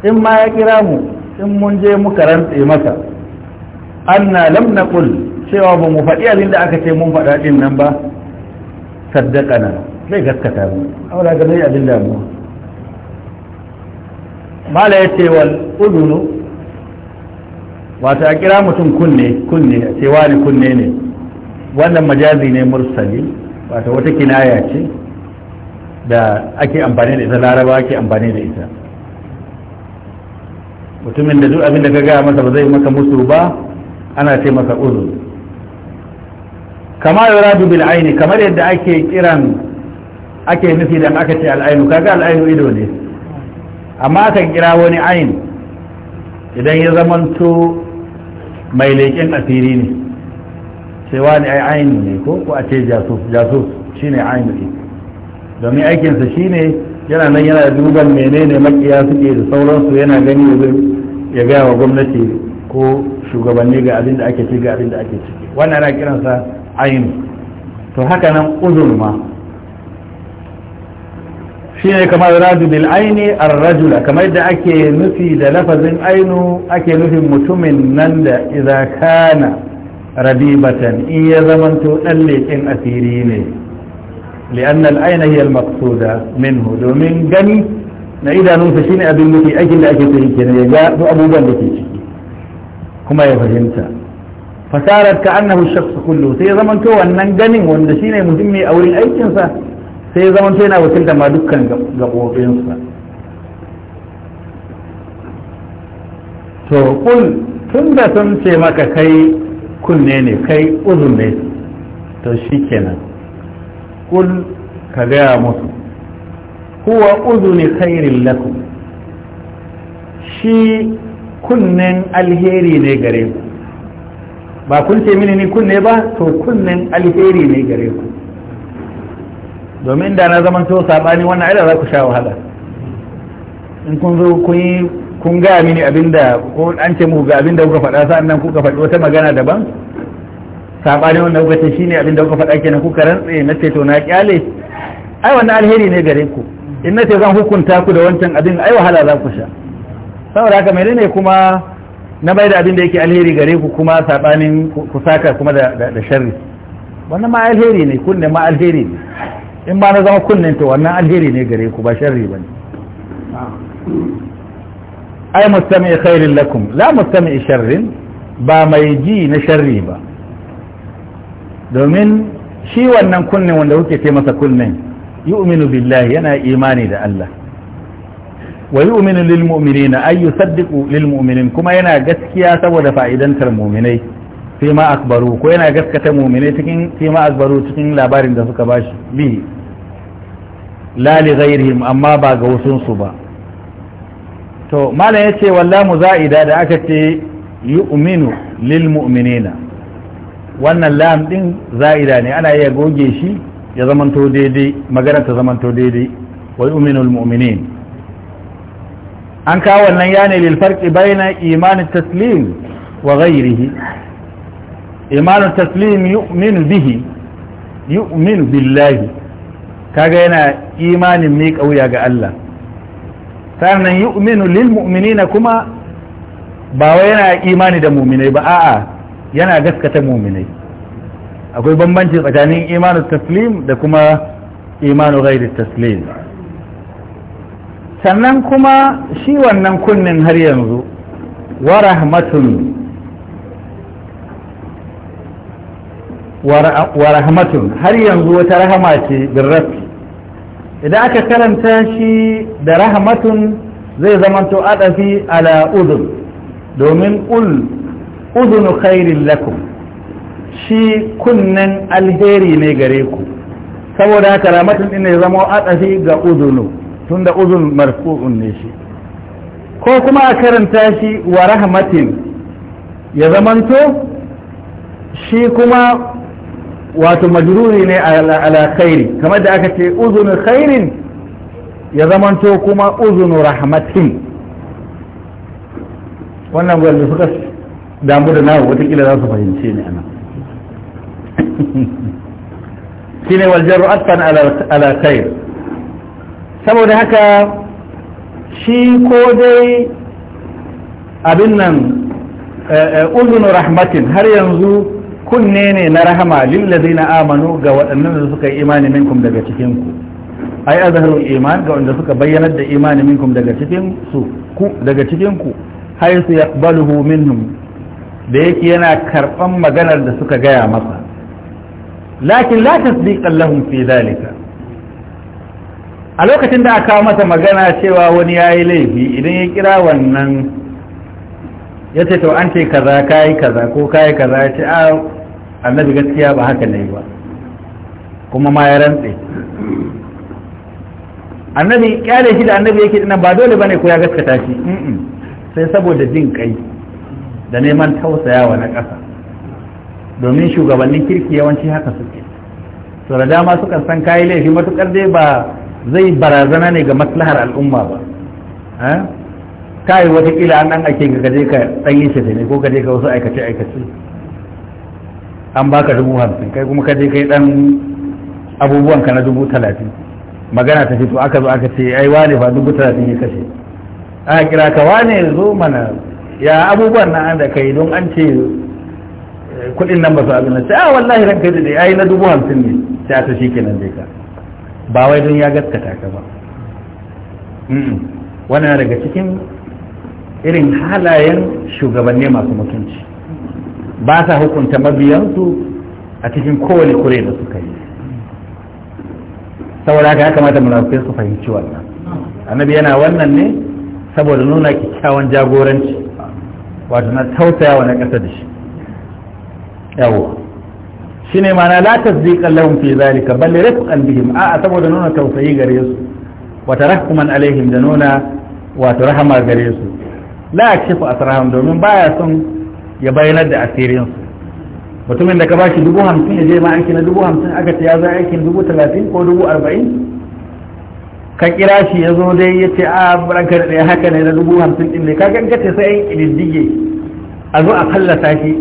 in ma ya kira mu in mun je muka rantse masa anna lam naqul cewa ba mu faɗi abin da aka ce mun faɗa din nan ba saddaqana zai gaskata mu a ga mai abin da mu mala yace wal udunu wato a kira mutum kunne kunne a ce wani kunne ne wannan majazi ne mursali wato wata kinaya ce da ake amfani da ita laraba ake amfani da ita mutumin da duk abin da ka gaya masa ba zai maka musu ba ana ce masa uzun kama yuradu bil aini kamar yadda ake kiran ake nufi dan aka ce al'ainu kaga al'ainu ido ne amma aka kira wani ain idan ya zamanto mai leƙen asiri ne sai wani ai ainu ne ko ko a ce jasus jasus shine ainu ne domin aikinsa shine yana nan yana duban menene makiya suke da sauransu yana gani ya gaya wa gwamnati ko shugabanni ga abin da ake ci ga abin da ake ciki wannan ana kiransa ainu to haka nan uzur ma kamar raju bil aini ar kamar da ake nufi da lafazin ainu ake nufin mutumin nan da idza kana rabibatan in ya zamanto dan leƙin asiri ne li'anna al-aina hiya al-maqsuda minhu domin gani na idanunsa shine abin nufi aikin da ake so ya ga duk abubuwan da ke ciki kuma ya fahimta fasarar ka annahu shakhs kullu sai zaman to wannan ganin wanda shine muhimmi a wurin aikin sa sai zaman to yana wakilta ma dukkan gabobin sa to kun tun da sun ce maka kai kunne ne kai uzun ne to shikenan kun ka gaya musu huwa uzuni khairin lakum shi kunnen alheri ne gare ku ba kun ce mini ni kunne ba to kunnen alheri ne gare ku domin da na zaman to sabani wannan aida za ku sha wahala in kun zo kun yi kun gaya mini abinda ko an ce mu ga abinda kuka faɗa sa'an nan kuka faɗi wata magana daban sabani wannan kuka ce shine abinda kuka faɗa kenan kuka rantse na ce to na kyale ai wannan alheri ne gare ku in na ce zan hukunta ku da wancan abin ai wahala za ku sha saboda haka menene kuma na bai da abin da yake alheri gare ku kuma saɓanin ku saka kuma da sharri wannan ma alheri ne kunne ma alheri ne in ba na zama kunnen to wannan alheri ne gare ku ba sharri ba ne ai mustami khairin lakum la mustami sharrin ba mai ji na sharri ba domin shi wannan kunne wanda kuke ce masa kunnen yu'minu billahi yana imani da Allah wa yi lil mu'minina ay yusaddiqu lil mu'minin kuma yana gaskiya saboda fa'idantar mu'minai sai ma akbaru ko yana gaskata mu'minai cikin sai ma akbaru cikin labarin da suka bashi bi la li ghairihim amma ba ga wasun ba to malam yace walla za'ida da aka ce yu'minu lil mu'minina wannan lam din za'ida ne ana iya goge shi ya zamanto daidai magana ta zamanto daidai wa yi lil mu'minin an kawo wannan ya ne lilfarki bayna imanin taslim wa ghairihi imanin taslim yu'minu bihi yu'minu billahi kaga yana imanin miƙa wuya ga Allah sannan yu'minu lil mu'minina kuma ba wai yana imani da mu'minai ba a'a yana gaskata mu'minai akwai bambanci tsakanin imanin taslim da kuma imanin ghairi taslim sannan kuma shi wannan kunnin har yanzu wa rahmatun wa rahmatun har yanzu wata rahama ce birrafi idan aka karanta shi da rahmatun zai zamanto adafi ala udun domin ul udunu khairin lakum shi kunnen alheri ne gare ku saboda haka rahmatun ɗin ne zama adafi ga udunu tun da uzun marfu'un ne shi ko kuma a karanta shi wa rahmatin ya zamanto shi kuma wato majruri ne ala khairi kamar da aka ce uzun khairin ya zamanto kuma uzun rahmatin wannan gwal suka damu da nawa watakila za su fahimce ni ana shine wal jarru ala khair saboda haka shi ko dai abin nan eh, eh, uzunu rahmatin har yanzu kunne ne na rahama na amanu ga waɗannan da suka yi imani minkum daga cikinku. Ai ai azharul iman ga wanda suka bayyanar da imani minkum daga cikinku, ku daga cikin ku haythu yaqbaluhu minhum da yake yana karɓan maganar da suka gaya masa lakin la tasdiqan lahum fi dhalika a lokacin da aka masa magana cewa wani ya yi laifi idan ya kira wannan ya ce to an ce kaza yi kaza ko ka yi kaza ya ce a annabi gaskiya ba haka na yi ba kuma ma ya rantse annabi kyale shi da annabi yake dina ba dole bane ko ya gaskata shi sai saboda jin kai da neman tausayawa na ƙasa domin shugabannin kirki yawanci haka suke sau da dama sukan san kayi laifi matukar dai ba zai barazana ne ga maslahar al'umma ba kai watakila an an ake ga gaje ka yi shi ne ko gaje ka wasu aikace aikace an baka dubu hamsin kai kuma kaje kai dan abubuwan ka na dubu talatin magana ta fito aka zo aka ce ai wane fa dubu talatin ya kashe A kira ka wane zo mana ya abubuwan na an da kai don an ce eh, kuɗin nan ba su abin nan sai a ah, wallahi ranka da ai na dubu hamsin ne sai a ta shi kenan dai ka ba wai don ya gaskata ka ba wannan daga cikin irin halayen shugabanni masu mutunci ba sa hukunta mabiyansu a cikin kowane kure da suka yi saboda haka ya kamata munafikai su fahimci wannan annabi yana wannan ne saboda nuna kyakkyawan jagoranci wato na tausaya wa na ƙasa da shi yawo. shine ma'ana la tasdiqan lahum fi zalika bal rifqan bihim a saboda nuna tausayi gare su wa tarahman alaihim da nuna wato rahama gare su la yakshifu asrahum domin baya son ya bayanar da asirin su mutumin da ka bashi dubu hamsin ya je ma aiki na dubu hamsin aka ce ya zo aikin dubu talatin ko dubu arba'in ka kira shi ya zo dai ya ce a ranka da haka ne na dubu hamsin ɗin ne ka gangace sai yin ƙididdige a zo a kallata shi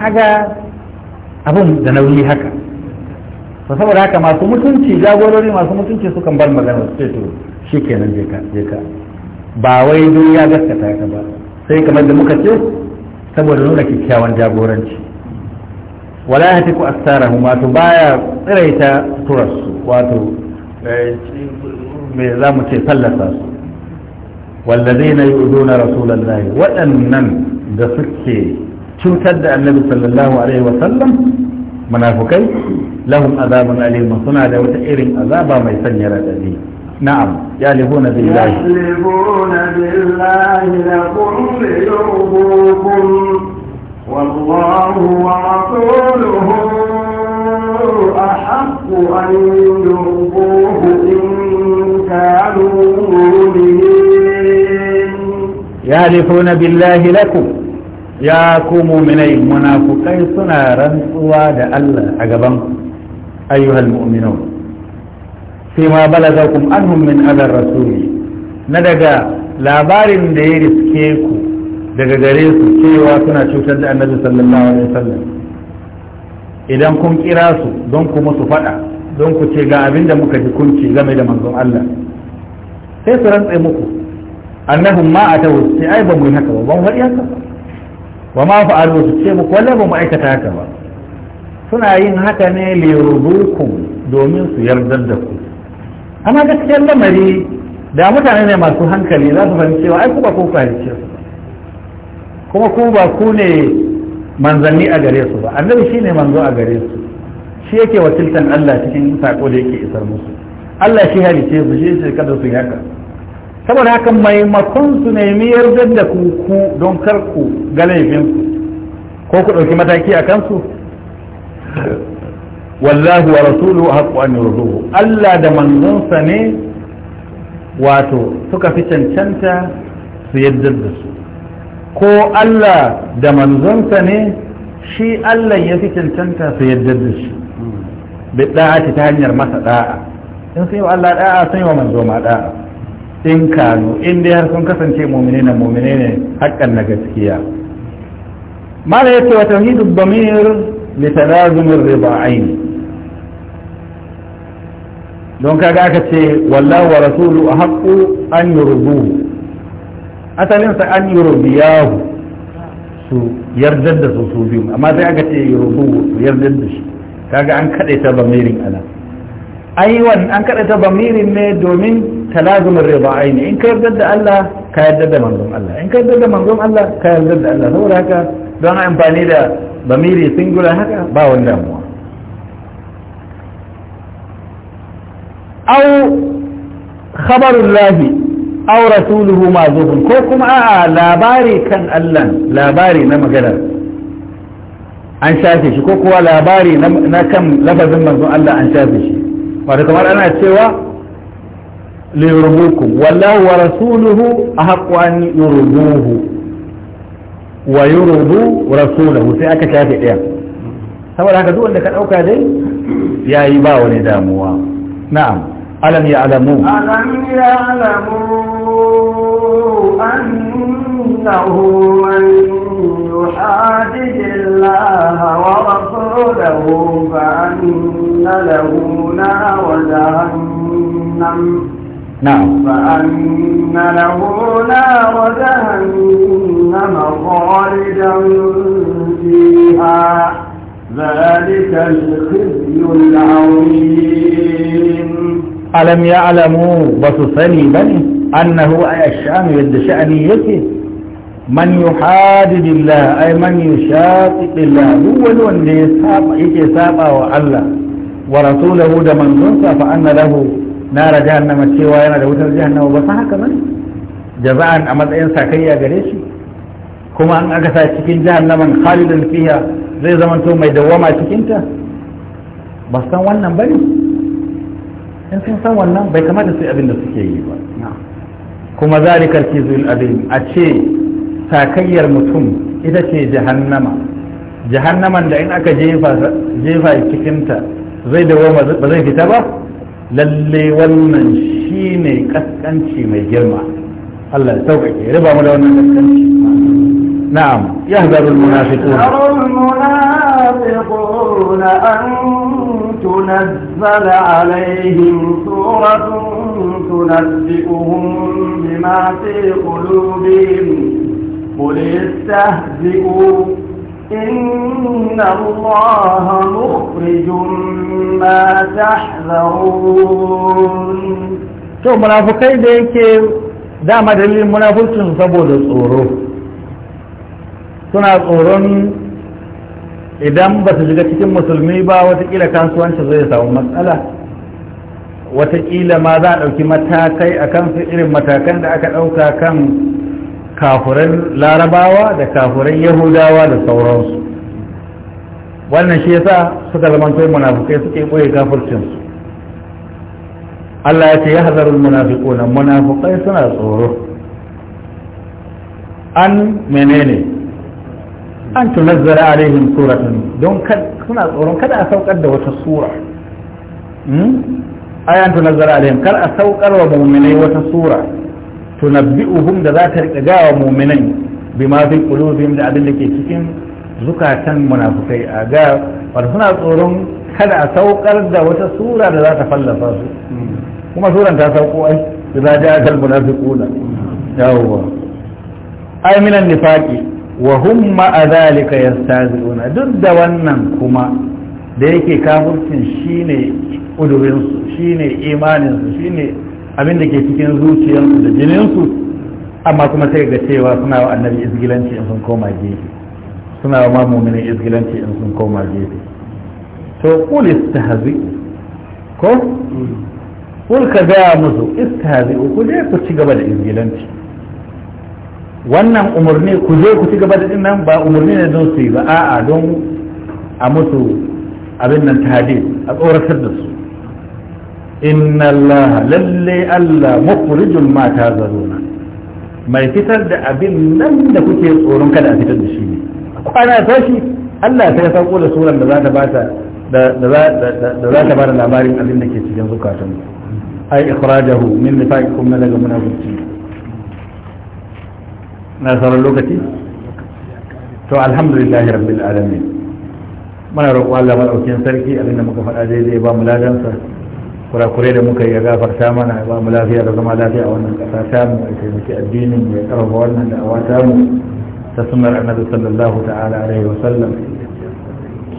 kaga abin da nauyi haka to saboda haka masu mutunci jagorori masu mutunci sukan bar magana su to shi kenan je ka ba wai don ya gaskata ka ba sai kamar da muka ce saboda nuna kyakkyawan jagoranci wala ya hatiku astarahum wato baya tsiraita turarsu wato eh, me za mu ce fallasa su wallazina yu'duna rasulullahi waɗannan da suke cutar da annabi sallallahu alaihi wasallam munafukai lahum azabun alim suna da wata irin azaba mai sanya radadi na'am yalihuna billahi yalihuna billahi lakum liyubukum والله ورسوله أحق أن يرضوه إن كانوا مؤمنين يعرفون بالله لكم ya ku mu'minai munafukai suna rantsuwa da Allah a gaban ayyuhal mu'minun sai ma balagakum anhum min adar rasuli na daga labarin da ya riske ku daga gare su cewa suna cutar da annabi sallallahu alaihi wasallam idan kun kira su don ku musu fada don ku ce ga abin muka ji kun ce game da manzon Allah sai su rantsa muku annahum ma atawu sai ai ba mu yi haka ba ban faɗi haka wa ma alu su ce muku wallahi ba mu aikata haka ba suna yin haka ne lirubukum domin su yardar da ku amma gaskiyar lamari da mutane ne masu hankali za su fahimci cewa ai ku ba ku fahimci su kuma ku ba ku ne manzanni a gare su ba annabi shine manzo a gare su shi yake wakiltan Allah cikin sako da yake isar musu Allah shi halice su shi kada su yaka saboda haka maimakon su nemi yardar da ku don kar ku ga laifinku ko ku ɗauki mataki a kansu wallahu wa rasulu haƙƙo an yurduhu Allah da manzonsa ne wato suka fi cancanta su yaddar da su ko Allah da manzonsa ne shi Allah ya fi cancanta su yaddar da shi bi da'ati ta hanyar masa ɗa'a. in sun yi wa Allah ɗa'a sun yi wa manzo ma da'a in kanu in dai har sun kasance mumine na mumine ne haƙƙan na gaskiya mala yace wa tauhidu damir li talazum ar aini. don kaga aka ce wallahu wa rasulu ahqqu an yurduhu asalin sa an yurdiyahu su yardar da su su biyu amma sai aka ce yurduhu su yardar da shi kaga an kadaita bamirin ana ai an kada ta bamirin ne domin talazumin riba aini in ka yarda da Allah ka yarda da manzon Allah in ka yarda da manzon Allah ka yarda da Allah saboda haka don amfani da bamiri singular haka ba wani damuwa au khabarun lahi au rasuluhu mazuhun ko kuma a labari kan Allah labari na magana an shafe shi ko kuwa labari na kan lafazin manzon Allah an shafe shi wato kamar ana cewa liyurbukum wallahu wa rasuluhu ahaqqu an yurbuhu wa yurbu rasuluhu sai aka shafe daya saboda haka duk wanda ka ɗauka dai yayi ba wani damuwa na'am alam ya'lamu alam ya'lamu annahu يحادد الله ورسوله فأن له نار جهنم نعم فأن له نار جهنم خالدا فيها ذلك الخزي العظيم ألم يعلموا بس بني أنه أي الشأن يد شأنيته man yuhadidillah ay man yushaqiqillah duk wani wanda ya saba yake saba wa Allah wa rasulahu da manzonsa fa anna lahu nara jahannama cewa yana da wutar jahannama ba sa haka bane jaza'an a matsayin sakayya gare shi kuma an aka cikin jahannaman khalidan fiha zai zamanto mai dawwama cikinta ba san wannan bane in sun san wannan bai kamata su suke yi ba kuma zalikar a ce sakayyar mutum ita ce jahannama jahannaman da in aka jefa cikinta zai da ba zai fita ba lalle wannan shi ne kaskanci mai girma Allah ya sauƙaƙe riba mu da wannan kaskanci na'am ya zaru munafiqun munafiquna an tunazzala alaihim suratun tunabbi'uhum bima fi qulubihim قل استهزئوا إن الله مخرج ما تحذرون to munafukai da yake dama dalilin munafurcin saboda tsoro suna tsoron idan ba su shiga cikin musulmi ba watakila kasuwanci zai samu matsala watakila ma za a ɗauki matakai a kansu irin matakan da aka ɗauka kan kafuran larabawa da kafuran yahudawa da sauransu wannan shi yasa suka zamanto munafukai suke koyi kafircinsu Allah ya ce ya hazarul munafiquna munafukai suna tsoro an menene an tunazzara alaihim suratun don suna tsoron kada a saukar da wata sura hmm? ayan tunazzara alaihim kar a saukar wa mu'minai wata sura tunabbi'uhum da za ta riƙa gawa muminai bima fi qulubihim da abin da ke cikin zukatan munafukai a ga wato suna tsoron kada a saukar da wata sura da za ta fallafa su kuma suran ta sauko ai idza ja'a al munafiquna yawwa ai minan nifaqi wa hum ma dhalika yastazuna duk da wannan kuma da yake kafircin shine udurin su shine imanin su shine abin da ke cikin zuciyarsu da jininsu amma kuma sai ga cewa suna wa annabi izgilanci in sun koma gefe suna wa mamuminin izgilanci in sun koma gefe to kul istahzi ko kul ka gaya musu istahzi ku je ku ci gaba da izgilanci wannan umarni ku je ku ci gaba da dinnan ba umarni ne don su yi ba a'a don a musu abin nan tahdid a tsoratar da su inna allaha lalle allah mukhrijul ma tazaruna mai fitar da abin nan da kuke tsoron kada a fitar da shi ne kwana tashi allah ta ya sako da suran da za ta bata da za ta bada labarin abin da ke cikin zukatan ai ikhrajahu min nifaqikum na daga munafiqi na sauran lokaci to alhamdulillahi rabbil alamin muna roƙo Allah madaukakin sarki abin da muka faɗa daidai ba mu ladansa kurakure da muka yi ga gafarta mana ba mu lafiya da zama lafiya a wannan ƙasa a ya taimaki addinin ya karaba wannan da'awa mu ta sunar annabi sallallahu ta'ala alaihi wa sallam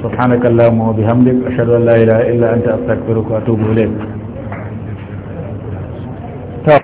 subhanakallahumma wa bihamdik ashhadu an la ilaha illa anta astaghfiruka wa atubu ilayk